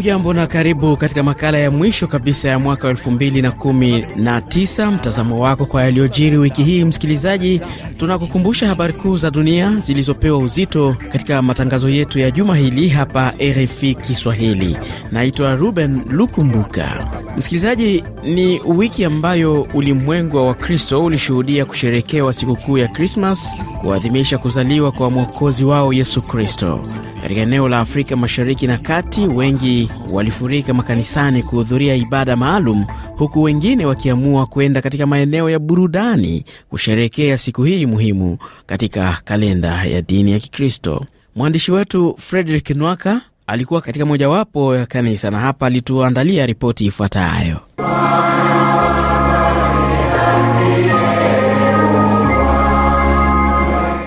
Hujambo na karibu katika makala ya mwisho kabisa ya mwaka wa 2019, mtazamo wako kwa yaliyojiri wiki hii. Msikilizaji, tunakukumbusha habari kuu za dunia zilizopewa uzito katika matangazo yetu ya juma hili hapa RFI Kiswahili. Naitwa Ruben Lukumbuka. Msikilizaji, ni wiki ambayo ulimwengu wa Wakristo ulishuhudia kusherekewa sikukuu ya Krismas kuadhimisha kuzaliwa kwa mwokozi wao Yesu Kristo. Katika eneo la Afrika Mashariki na Kati, wengi walifurika makanisani kuhudhuria ibada maalum, huku wengine wakiamua kwenda katika maeneo ya burudani kusherekea siku hii muhimu katika kalenda ya dini ya Kikristo. Mwandishi wetu Frederick Nwaka alikuwa katika mojawapo ya kanisa na hapa alituandalia ripoti ifuatayo.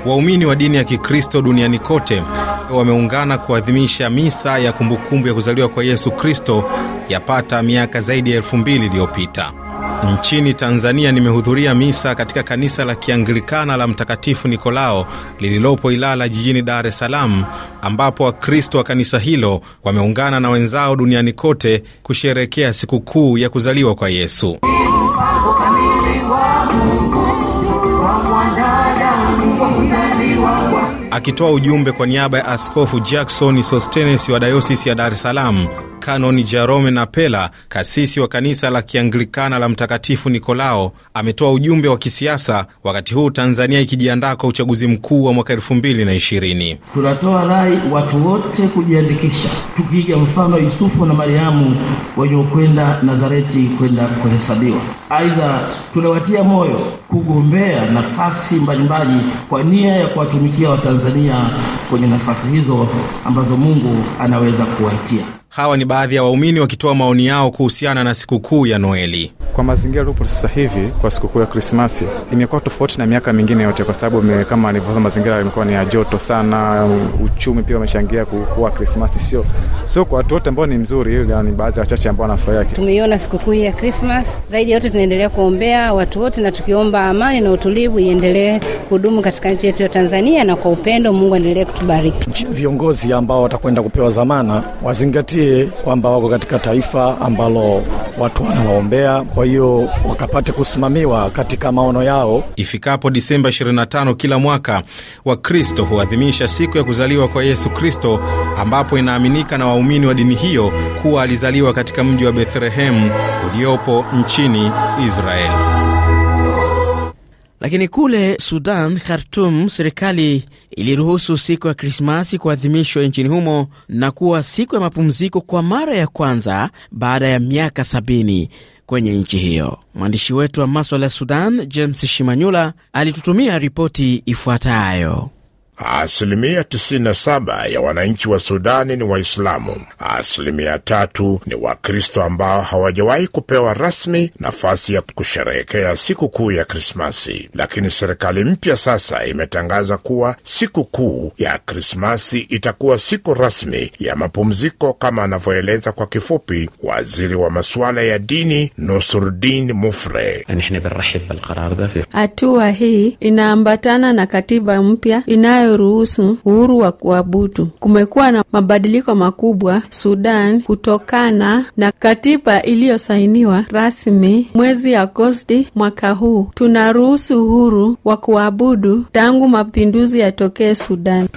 Waumini wa dini ya Kikristo duniani kote wameungana kuadhimisha misa ya kumbukumbu ya kuzaliwa kwa Yesu Kristo yapata miaka zaidi ya elfu mbili iliyopita. Nchini Tanzania nimehudhuria misa katika kanisa la Kianglikana la Mtakatifu Nikolao lililopo Ilala jijini Dar es Salaam, ambapo Wakristo wa kanisa hilo wameungana na wenzao duniani kote kusherekea sikukuu ya kuzaliwa kwa Yesu. Akitoa ujumbe kwa niaba ya Askofu Jackson Sostenes wa Dayosisi ya Dar es Salaam Kanoni Jerome Napela, kasisi wa kanisa la Kianglikana la Mtakatifu Nikolao, ametoa ujumbe wa kisiasa wakati huu Tanzania ikijiandaa kwa uchaguzi mkuu wa mwaka ishirini Tunatoa rai watu wote kujiandikisha, tukiiga mfano Yusufu na Mariamu waliokwenda Nazareti kwenda kuhesabiwa. Aidha, tunawatia moyo kugombea nafasi mbalimbali kwa nia ya kuwatumikia Watanzania kwenye nafasi hizo ambazo Mungu anaweza kuwaitia. Hawa ni baadhi ya waumini wakitoa maoni yao kuhusiana na sikukuu ya Noeli. Kwa mazingira tuliopo sasa hivi, kwa sikukuu ya Krismasi imekuwa tofauti na miaka mingine yote, kwa sababu kama nilivyosema, mazingira yamekuwa ni ya joto sana, uchumi pia umechangia kuwa Krismasi sio sio kwa watu wote ambao ni mzuri, ila ni baadhi ya wachache ambao wanafurahia. Tumeiona sikukuu hii ya Krismas. Zaidi ya yote, tunaendelea kuombea watu wote, na tukiomba amani na utulivu iendelee kudumu katika nchi yetu ya Tanzania, na kwa upendo Mungu aendelee kutubariki. Viongozi ambao watakwenda kupewa zamana wazingatie wajisikie kwamba wako katika taifa ambalo watu wanawaombea, kwa hiyo wakapate kusimamiwa katika maono yao. Ifikapo Disemba 25 kila mwaka, Wakristo huadhimisha siku ya kuzaliwa kwa Yesu Kristo, ambapo inaaminika na waumini wa dini hiyo kuwa alizaliwa katika mji wa Bethlehemu uliopo nchini Israeli. Lakini kule Sudan, Khartum, serikali iliruhusu siku ya Krismasi kuadhimishwa nchini humo na kuwa siku ya mapumziko kwa mara ya kwanza baada ya miaka sabini kwenye nchi hiyo. Mwandishi wetu wa maswala ya Sudan, James Shimanyula, alitutumia ripoti ifuatayo. Asilimia 97 ya wananchi wa Sudani ni Waislamu. Asilimia tatu ni Wakristo ambao hawajawahi kupewa rasmi nafasi ya kusherehekea siku kuu ya Krismasi, lakini serikali mpya sasa imetangaza kuwa siku kuu ya Krismasi itakuwa siku rasmi ya mapumziko, kama anavyoeleza kwa kifupi waziri wa masuala ya dini Nusurdin Mufre. Hatua hii inaambatana na katiba mpya inayo inayoruhusu uhuru wa kuabudu. Kumekuwa na mabadiliko makubwa Sudan kutokana na katiba iliyosainiwa rasmi mwezi Agosti mwaka huu. Tunaruhusu uhuru wa kuabudu tangu mapinduzi yatokee Sudan.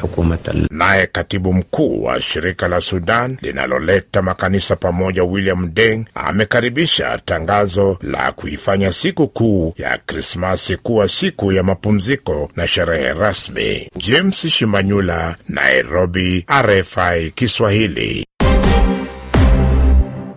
Naye katibu mkuu wa shirika la Sudan linaloleta makanisa pamoja, William Deng, amekaribisha tangazo la kuifanya siku kuu ya Krismasi kuwa siku ya mapumziko na sherehe rasmi. Je, James Shimanyula, Nairobi, RFI Kiswahili.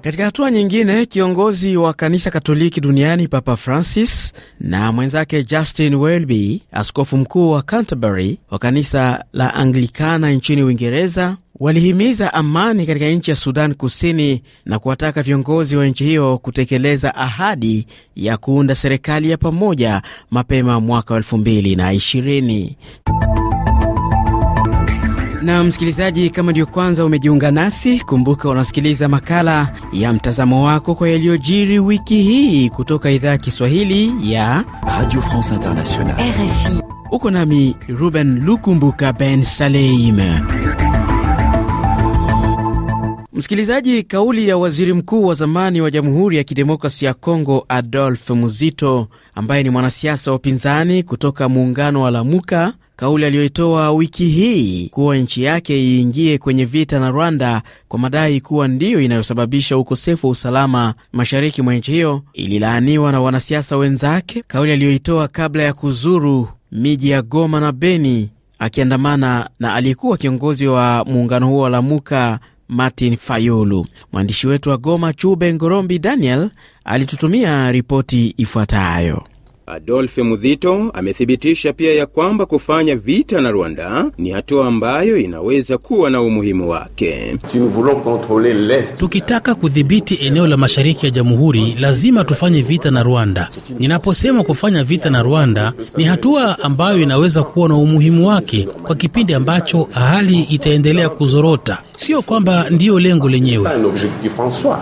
Katika hatua nyingine, kiongozi wa kanisa Katoliki duniani Papa Francis na mwenzake Justin Welby, askofu mkuu wa Canterbury wa kanisa la Anglikana nchini Uingereza, walihimiza amani katika nchi ya Sudan Kusini na kuwataka viongozi wa nchi hiyo kutekeleza ahadi ya kuunda serikali ya pamoja mapema mwaka 2020. Na msikilizaji, kama ndiyo kwanza umejiunga nasi, kumbuka unasikiliza makala ya mtazamo wako kwa yaliyojiri wiki hii kutoka idhaa ya Kiswahili ya Radio France Internationale, Uko nami Ruben Lukumbuka Ben Saleim. Msikilizaji, kauli ya waziri mkuu wa zamani wa Jamhuri ya Kidemokrasi ya congo Adolf Muzito ambaye ni mwanasiasa wa upinzani kutoka muungano wa Lamuka kauli aliyoitoa wiki hii kuwa nchi yake iingie kwenye vita na Rwanda kwa madai kuwa ndiyo inayosababisha ukosefu wa usalama mashariki mwa nchi hiyo ililaaniwa na wanasiasa wenzake, kauli aliyoitoa kabla ya kuzuru miji ya Goma na Beni akiandamana na aliyekuwa kiongozi wa muungano huo wa Lamuka Martin Fayulu. Mwandishi wetu wa Goma Chube Ngorombi Daniel alitutumia ripoti ifuatayo adolfe Mudhito amethibitisha pia ya kwamba kufanya vita na Rwanda ni hatua ambayo inaweza kuwa na umuhimu wake. Tukitaka kudhibiti eneo la mashariki ya jamhuri, lazima tufanye vita na Rwanda. Ninaposema kufanya vita na Rwanda, ni hatua ambayo inaweza kuwa na umuhimu wake kwa kipindi ambacho hali itaendelea kuzorota, sio kwamba ndiyo lengo lenyewe.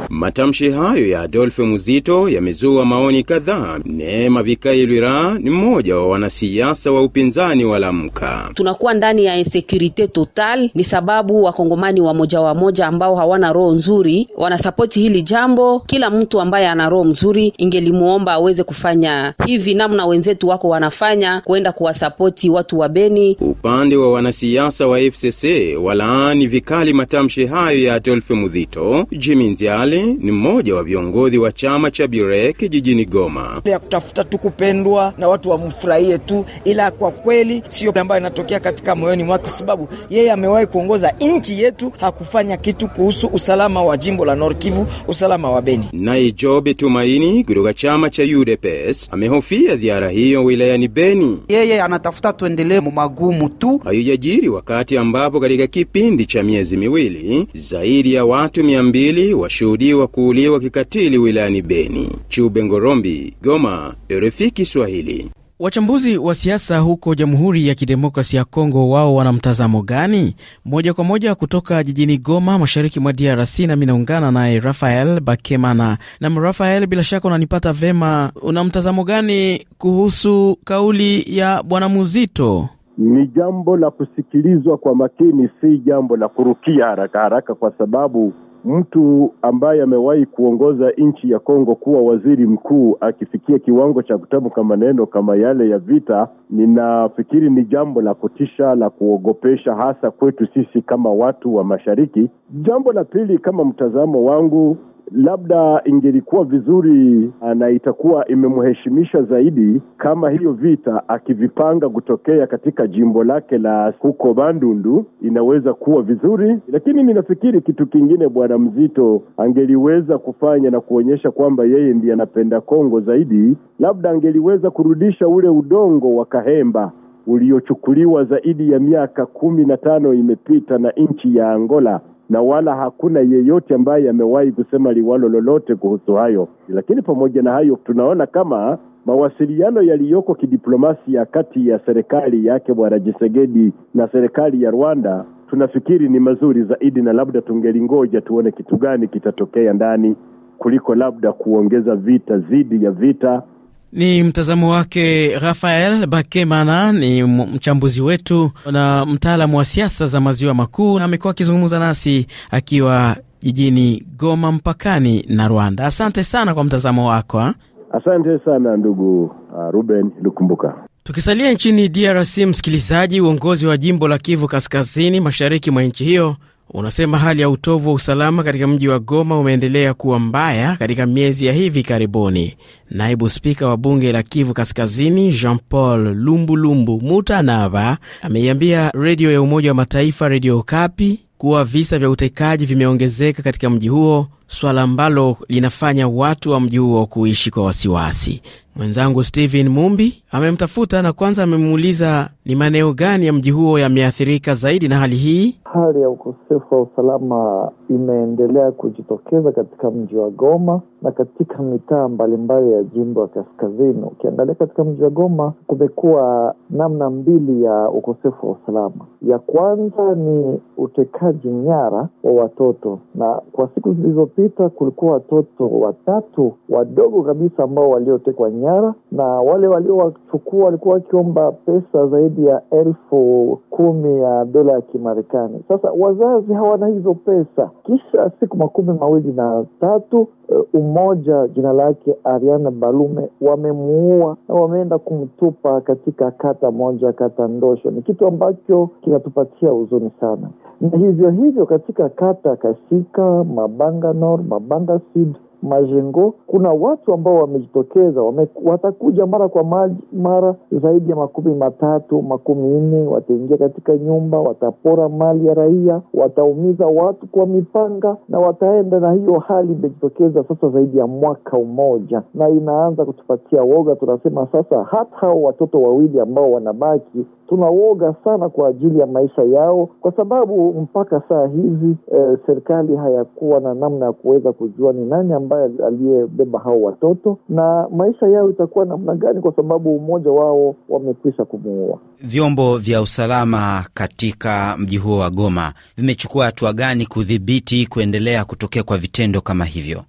Matamshi hayo ya adolfe Muzito yamezua maoni kadhaa. Neema Vikai Kailwira ni mmoja wa wanasiasa wa upinzani wa Lamka. Tunakuwa ndani ya insecurity total, ni sababu wakongomani wamoja wamoja ambao hawana roho nzuri wanasapoti hili jambo. Kila mtu ambaye ana roho mzuri ingelimuomba aweze kufanya hivi namna wenzetu wako wanafanya, kuenda kuwasapoti watu wa Beni. Upande wa wanasiasa wa FCC walaani vikali matamshi hayo ya Adolphe Mudhito. Jimmy Nziale ni mmoja wa viongozi wa chama cha Birek jijini Goma ya kutafuta tukupe kupendwa na watu wamfurahie tu, ila kwa kweli sio ambayo inatokea katika moyoni mwake, sababu yeye amewahi kuongoza nchi yetu, hakufanya kitu kuhusu usalama wa jimbo la Nord Kivu, usalama wa Beni. Naye Jobe Tumaini kutoka chama cha UDPS amehofia ziara hiyo wilayani Beni. Yeye anatafuta tuendelee mumagumu tu. Haijajiri wakati ambapo katika kipindi cha miezi miwili zaidi ya watu mia mbili washuhudiwa kuuliwa kikatili wilayani Beni. Chube Ngorombi, Goma, RFI Kiswahili. Wachambuzi wa siasa huko Jamhuri ya Kidemokrasi ya Kongo, wao wana mtazamo gani? Moja kwa moja kutoka jijini Goma, mashariki mwa DRC, nami naungana naye Rafael Bakemana. Nam Rafael, bila shaka unanipata vema. Una mtazamo gani kuhusu kauli ya bwana Muzito? Ni jambo la kusikilizwa kwa makini, si jambo la kurukia haraka haraka, kwa sababu mtu ambaye amewahi kuongoza nchi ya Kongo kuwa waziri mkuu akifikia kiwango cha kutamka maneno kama yale ya vita, ninafikiri ni jambo la kutisha la kuogopesha, hasa kwetu sisi kama watu wa mashariki. Jambo la pili, kama mtazamo wangu, labda ingelikuwa vizuri ah, na itakuwa imemheshimisha zaidi kama hiyo vita akivipanga kutokea katika jimbo lake la huko Bandundu, inaweza kuwa vizuri. Lakini ninafikiri kitu kingine Bwana Mzito angeliweza kufanya na kuonyesha kwamba yeye ndiye anapenda Kongo zaidi, labda angeliweza kurudisha ule udongo wa Kahemba uliochukuliwa zaidi ya miaka kumi na tano imepita na nchi ya Angola na wala hakuna yeyote ambaye amewahi kusema liwalo lolote kuhusu hayo. Lakini pamoja na hayo, tunaona kama mawasiliano yaliyoko kidiplomasia kati ya serikali yake Bwana Tshisekedi na serikali ya Rwanda tunafikiri ni mazuri zaidi, na labda tungelingoja tuone kitu gani kitatokea ndani kuliko labda kuongeza vita zidi ya vita. Ni mtazamo wake Rafael Bakemana, ni mchambuzi wetu na mtaalamu wa siasa za maziwa makuu, na amekuwa akizungumza nasi akiwa jijini Goma mpakani na Rwanda. Asante sana kwa mtazamo wako Asante sana ndugu uh, Ruben Lukumbuka. Tukisalia nchini DRC, msikilizaji, uongozi wa jimbo la Kivu Kaskazini mashariki mwa nchi hiyo unasema hali ya utovu wa usalama katika mji wa Goma umeendelea kuwa mbaya katika miezi ya hivi karibuni. Naibu spika wa bunge la Kivu Kaskazini, Jean Paul Lumbulumbu Mutanava, ameiambia redio ya Umoja wa Mataifa, Redio Kapi, kuwa visa vya utekaji vimeongezeka katika mji huo swala ambalo linafanya watu wa mji huo kuishi kwa wasiwasi. Mwenzangu Stephen Mumbi amemtafuta na kwanza amemuuliza ni maeneo gani ya mji huo yameathirika zaidi na hali hii. Hali ya ukosefu wa usalama imeendelea kujitokeza katika mji wa Goma na katika mitaa mbalimbali ya jimbo ya kaskazini. Ukiangalia katika mji wa Goma, kumekuwa namna mbili ya ukosefu wa usalama. Ya kwanza ni utekaji nyara wa watoto, na kwa siku zilizo iliyopita kulikuwa watoto watatu wadogo kabisa ambao waliotekwa nyara, na wale waliowachukua walikuwa wakiomba pesa zaidi ya elfu kumi ya dola ya Kimarekani. Sasa wazazi hawana hizo pesa. Kisha siku makumi mawili na tatu Eh, umoja jina lake Ariana Balume wamemuua na wameenda kumtupa katika kata moja, kata Ndosho. Ni kitu ambacho kinatupatia huzuni sana, na hivyo hivyo katika kata Kasika, Mabanga nor Mabanga Sud majengo. Kuna watu ambao wamejitokeza wame, watakuja mara kwa maji, mara zaidi ya makumi matatu makumi nne wataingia katika nyumba, watapora mali ya raia, wataumiza watu kwa mipanga na wataenda. Na hiyo hali imejitokeza sasa zaidi ya mwaka umoja, na inaanza kutupatia woga. Tunasema sasa hata hao watoto wawili ambao wanabaki tunawoga sana kwa ajili ya maisha yao, kwa sababu mpaka saa hizi eh, serikali hayakuwa na namna ya kuweza kujua ni nani ambaye aliyebeba hao watoto na maisha yao itakuwa namna gani, kwa sababu mmoja wao wamekwisha kumuua. Vyombo vya usalama katika mji huo wa Goma vimechukua hatua gani kudhibiti kuendelea kutokea kwa vitendo kama hivyo?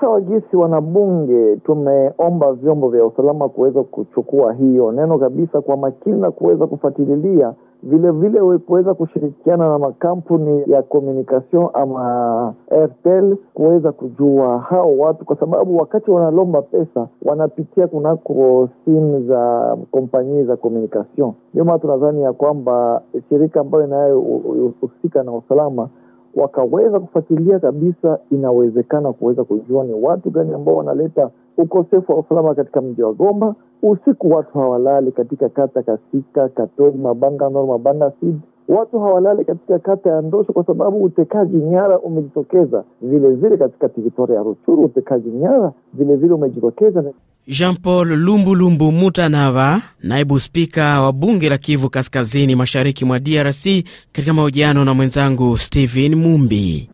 Sawa jinsi wanabunge tumeomba vyombo vya usalama kuweza kuchukua hiyo neno kabisa kwa makini na kuweza kufuatilia Vilevile wekuweza kushirikiana na makampuni ya communication ama Airtel kuweza kujua hao watu, kwa sababu wakati wanalomba pesa wanapitia kunako simu za kompanyii za communication. Ndio maana tunadhani ya kwamba shirika ambayo inayohusika na usalama wakaweza kufuatilia kabisa, inawezekana kuweza kujua ni watu gani ambao wanaleta ukosefu wa usalama katika mji wa Goma. Usiku watu hawalali katika kata Kasika, Katoi, Mabanga Nor, Mabanga Sud. Watu hawalali katika kata ya Ndosho kwa sababu utekaji nyara umejitokeza vilevile katika Victoria ya Ruchuru, utekaji nyara vilevile umejitokeza. Jean Paul Lumbulumbu Mutanava, naibu spika wa bunge la Kivu Kaskazini, mashariki mwa DRC, katika mahojiano na mwenzangu Stephen Mumbi.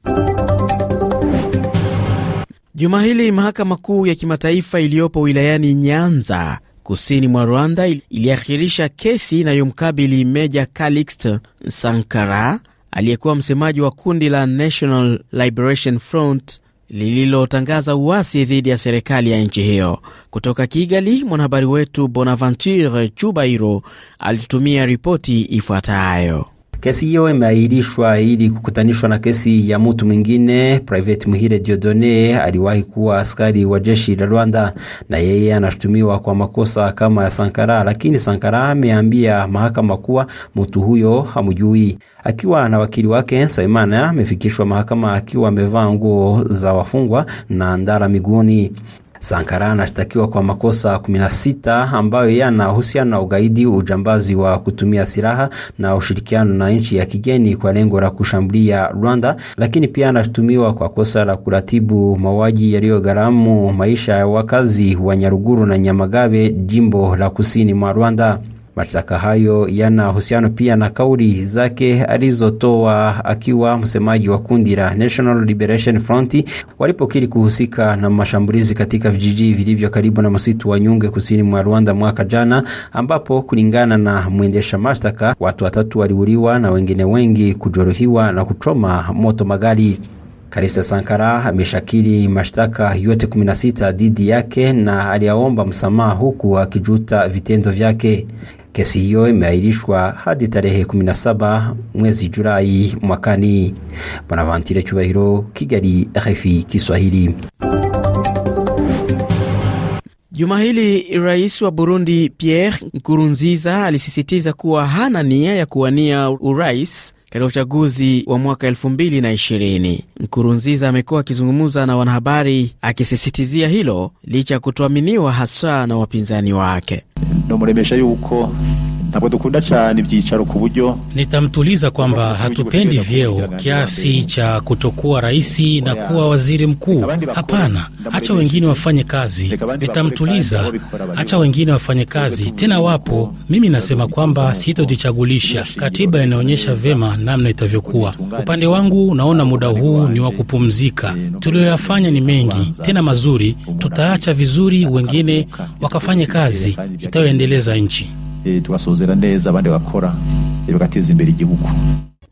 Juma hili mahakama kuu ya kimataifa iliyopo wilayani Nyanza kusini mwa Rwanda iliakhirisha kesi inayomkabili Meja Calixte Sankara aliyekuwa msemaji wa kundi la National Liberation Front lililotangaza uasi dhidi ya serikali ya nchi hiyo. Kutoka Kigali, mwanahabari wetu Bonaventure Chubairo alitutumia ripoti ifuatayo. Kesi hiyo imeahirishwa ili kukutanishwa na kesi ya mtu mwingine. Private Muhire Diodone aliwahi kuwa askari wa jeshi la Rwanda na yeye anashutumiwa kwa makosa kama ya Sankara, lakini Sankara ameambia mahakama kuwa mtu huyo hamjui. Akiwa na wakili wake, Saimana amefikishwa mahakama akiwa amevaa nguo za wafungwa na ndara miguuni. Sankara anashtakiwa kwa makosa 16 ambayo yana uhusiano na ugaidi, ujambazi wa kutumia silaha na ushirikiano na nchi ya kigeni kwa lengo la kushambulia Rwanda, lakini pia anashutumiwa kwa kosa la kuratibu mauaji gharamu maisha ya wakazi wa Nyaruguru na Nyamagabe, jimbo la kusini mwa Rwanda. Mashtaka hayo yana uhusiano pia na kauli zake alizotoa akiwa msemaji wa kundi la National Liberation Front walipokiri kuhusika na mashambulizi katika vijiji vilivyo karibu na msitu wa Nyungwe kusini mwa Rwanda mwaka jana, ambapo kulingana na mwendesha mashtaka watu watatu waliuliwa na wengine wengi kujeruhiwa na kuchoma moto magari. karista Sankara ameshakiri mashtaka yote 16 dhidi yake na aliaomba msamaha huku akijuta vitendo vyake. Kesi hiyo imeahirishwa hadi tarehe 17 mwezi Julai mwakani. Bonaventure Cyubahiro, Kigali, RFI Kiswahili. Juma hili rais wa Burundi Pierre Nkurunziza alisisitiza kuwa hana nia ya kuwania urais katika uchaguzi wa mwaka 2020. Nkurunziza amekuwa akizungumza na wanahabari akisisitizia hilo licha ya kutoaminiwa hasa na wapinzani wake. Nitamtuliza kwamba hatupendi vyeo kiasi cha kutokuwa raisi na kuwa waziri mkuu. Hapana, acha wengine wafanye kazi. Nitamtuliza, acha wengine wafanye kazi. Tena wapo, mimi nasema kwamba sitojichagulisha. Katiba inaonyesha vema namna itavyokuwa. Upande wangu, naona muda huu ni wa kupumzika. Eh, Tuliyoyafanya ni mengi, tena mazuri. Tutaacha vizuri wengine wakafanye kazi itayoendeleza nchi. Eh, tukasozera neza abandi bagakora eh, bagateza imbere igihugu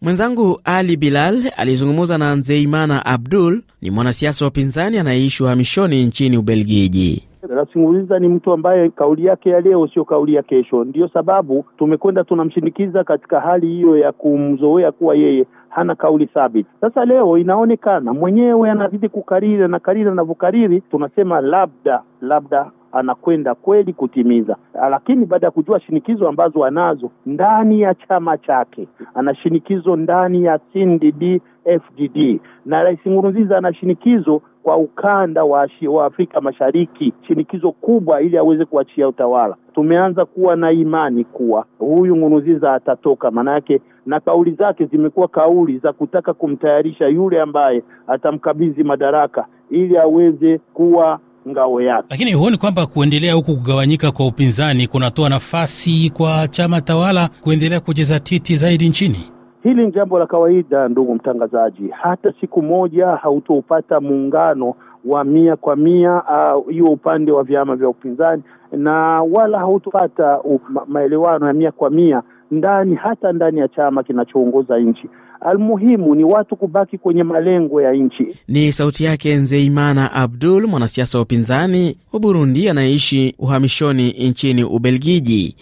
Mwenzangu Ali Bilal alizungumza na Nzeimana Abdul, ni mwanasiasa wa pinzani anayeishi uhamishoni nchini Ubelgiji. nasunguliza ni mtu ambaye kauli yake ya leo sio kauli ya kesho. Ndiyo sababu tumekwenda tunamshinikiza katika hali hiyo ya kumzoea kuwa yeye hana kauli thabiti. Sasa leo inaonekana mwenyewe anazidi kukariri, anakariri, anavyokariri, tunasema labda labda anakwenda kweli kutimiza, lakini baada ya kujua shinikizo ambazo anazo ndani ya chama chake, ana shinikizo ndani ya CNDD FDD, na Rais Nkurunziza ana shinikizo kwa ukanda wa, wa Afrika Mashariki, shinikizo kubwa ili aweze kuachia utawala. Tumeanza kuwa na imani kuwa huyu Nkurunziza atatoka, manake na kauli zake zimekuwa kauli za kutaka kumtayarisha yule ambaye atamkabidhi madaraka ili aweze kuwa ngao yake. Lakini huoni kwamba kuendelea huku kugawanyika kwa upinzani kunatoa nafasi kwa chama tawala kuendelea titi zaidi nchini? Hili ni jambo la kawaida, ndugu mtangazaji. Hata siku moja hautopata muungano wa mia kwa mia uh, hiyo uh, upande wa vyama vya upinzani na wala hautopata uh, maelewano ya mia kwa mia ndani hata ndani ya chama kinachoongoza nchi. Almuhimu ni watu kubaki kwenye malengo ya nchi. Ni sauti yake Nzeimana Abdul, mwanasiasa wa upinzani wa Burundi anayeishi uhamishoni nchini Ubelgiji.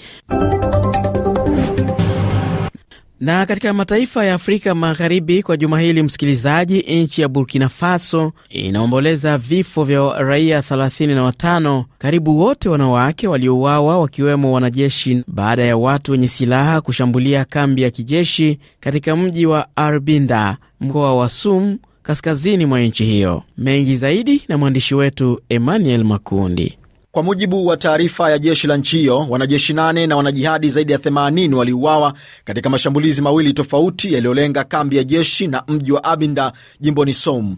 Na katika mataifa ya Afrika Magharibi kwa juma hili, msikilizaji, nchi ya Burkina Faso inaomboleza vifo vya raia 35 karibu wote wanawake waliouawa, wakiwemo wanajeshi, baada ya watu wenye silaha kushambulia kambi ya kijeshi katika mji wa Arbinda, mkoa wa Sum, kaskazini mwa nchi hiyo. Mengi zaidi na mwandishi wetu Emmanuel Makundi. Kwa mujibu wa taarifa ya jeshi la nchi hiyo, wanajeshi nane na wanajihadi zaidi ya 80 waliuawa katika mashambulizi mawili tofauti yaliyolenga kambi ya jeshi na mji wa Abinda jimboni Soum.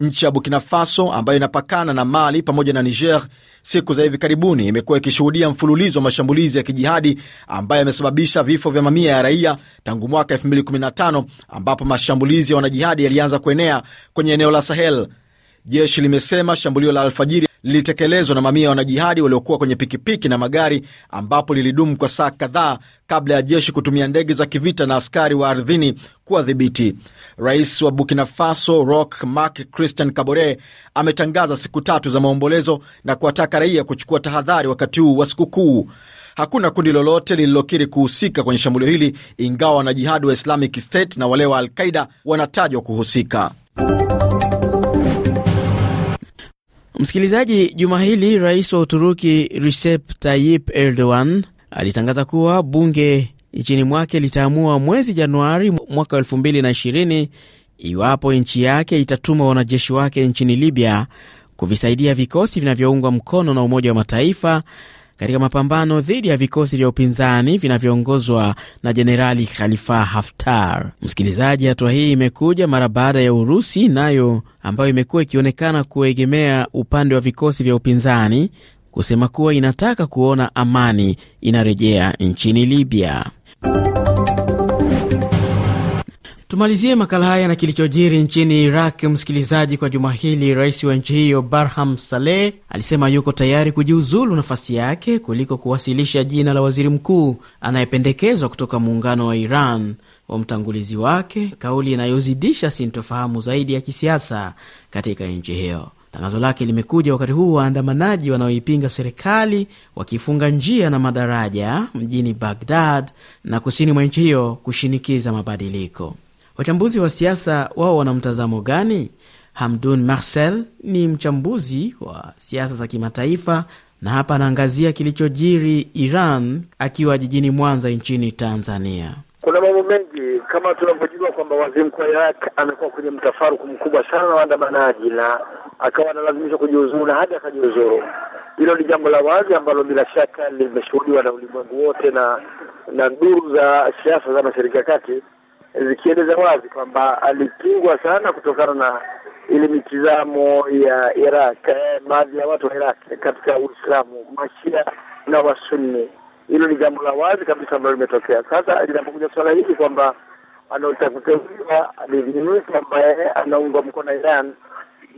Nchi ya Burkina Faso ambayo inapakana na Mali pamoja na Niger, siku za hivi karibuni imekuwa ikishuhudia mfululizo wa mashambulizi ya kijihadi ambayo yamesababisha vifo vya mamia ya raia tangu mwaka 2015 ambapo mashambulizi ya wanajihadi yalianza kuenea kwenye eneo la Sahel. Jeshi limesema shambulio la alfajiri lilitekelezwa na mamia ya wanajihadi waliokuwa kwenye pikipiki na magari, ambapo lilidumu kwa saa kadhaa kabla ya jeshi kutumia ndege za kivita na askari wa ardhini kuwadhibiti. Rais wa Burkina Faso Roch Marc Christian Kabore ametangaza siku tatu za maombolezo na kuwataka raia kuchukua tahadhari wakati huu wa sikukuu. Hakuna kundi lolote lililokiri kuhusika kwenye shambulio hili, ingawa wanajihadi wa Islamic State na wale wa Alqaida wanatajwa kuhusika. Msikilizaji, juma hili rais wa Uturuki Recep Tayyip Erdogan alitangaza kuwa bunge nchini mwake litaamua mwezi Januari mwaka 2020 iwapo nchi yake itatuma wanajeshi wake nchini Libya kuvisaidia vikosi vinavyoungwa mkono na Umoja wa Mataifa katika mapambano dhidi ya vikosi vya upinzani vinavyoongozwa na Jenerali Khalifa Haftar. Msikilizaji, hatua hii imekuja mara baada ya Urusi nayo ambayo imekuwa ikionekana kuegemea upande wa vikosi vya upinzani kusema kuwa inataka kuona amani inarejea nchini Libya. Tumalizie makala haya na kilichojiri nchini Iraq, msikilizaji. Kwa juma hili, rais wa nchi hiyo Barham Saleh alisema yuko tayari kujiuzulu nafasi yake kuliko kuwasilisha jina la waziri mkuu anayependekezwa kutoka muungano wa Iran wa mtangulizi wake, kauli inayozidisha sintofahamu zaidi ya kisiasa katika nchi hiyo. Tangazo lake limekuja wakati huu waandamanaji wanaoipinga serikali wakifunga njia na madaraja mjini Bagdad na kusini mwa nchi hiyo kushinikiza mabadiliko. Wachambuzi wa siasa wao wana mtazamo gani? Hamdun Marcel ni mchambuzi wa siasa za kimataifa na hapa anaangazia kilichojiri Iran akiwa jijini Mwanza nchini Tanzania. Kuna mambo mengi kama tunavyojua kwamba waziri mkuu wa Iraq amekuwa kwenye mtafaruku mkubwa sana na waandamanaji na akawa analazimishwa kujiuzuru na hadi akajiuzuru. Hilo ni jambo la wazi ambalo bila shaka limeshuhudiwa na ulimwengu wote na na duru za siasa za Mashariki ya Kati zikieleza wazi kwamba alipingwa sana kutokana na ile mitizamo ya Iraq, eh, baadhi ya watu wa Iraq katika Uislamu, Mashia na Wasunni. Hilo ni jambo la wazi kabisa ambalo limetokea. Sasa linapokuja suala hili kwamba anaotakuteuliwa alivinuka ambaye anaungwa mkono na Iran,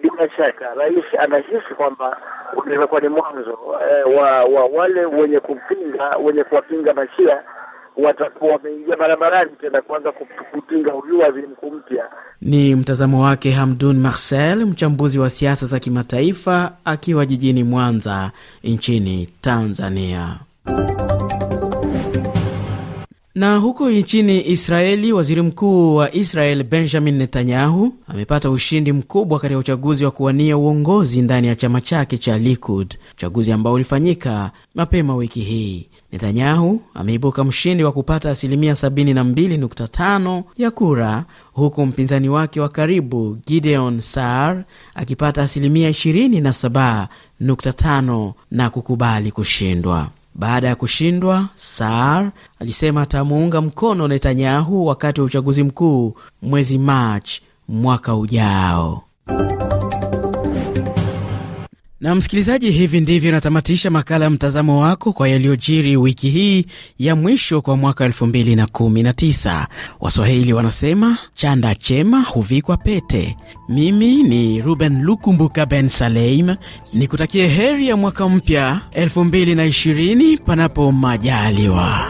bila shaka rais anahisi kwamba unaweza kuwa ni mwanzo eh, wa, wa wale wenye kupinga wenye kuwapinga Mashia watakuwa wameingia barabarani tena kuanza kupinga waziri mkuu mpya. Ni mtazamo wake Hamdun Marcel, mchambuzi wa siasa za kimataifa akiwa jijini Mwanza nchini Tanzania. Na huko nchini Israeli, waziri mkuu wa Israel Benjamin Netanyahu amepata ushindi mkubwa katika uchaguzi wa kuwania uongozi ndani ya chama chake cha Likud, uchaguzi ambao ulifanyika mapema wiki hii. Netanyahu ameibuka mshindi wa kupata asilimia 72.5 ya kura huku mpinzani wake wa karibu Gideon Saar akipata asilimia 27.5 na kukubali kushindwa. Baada ya kushindwa, Saar alisema atamuunga mkono Netanyahu wakati wa uchaguzi mkuu mwezi Machi mwaka ujao. Na msikilizaji, hivi ndivyo natamatisha makala ya mtazamo wako kwa yaliyojiri wiki hii ya mwisho kwa mwaka 2019. Waswahili wanasema chanda chema huvikwa pete. Mimi ni Ruben Lukumbuka Ben Saleim, nikutakie heri ya mwaka mpya 2020 panapo majaliwa.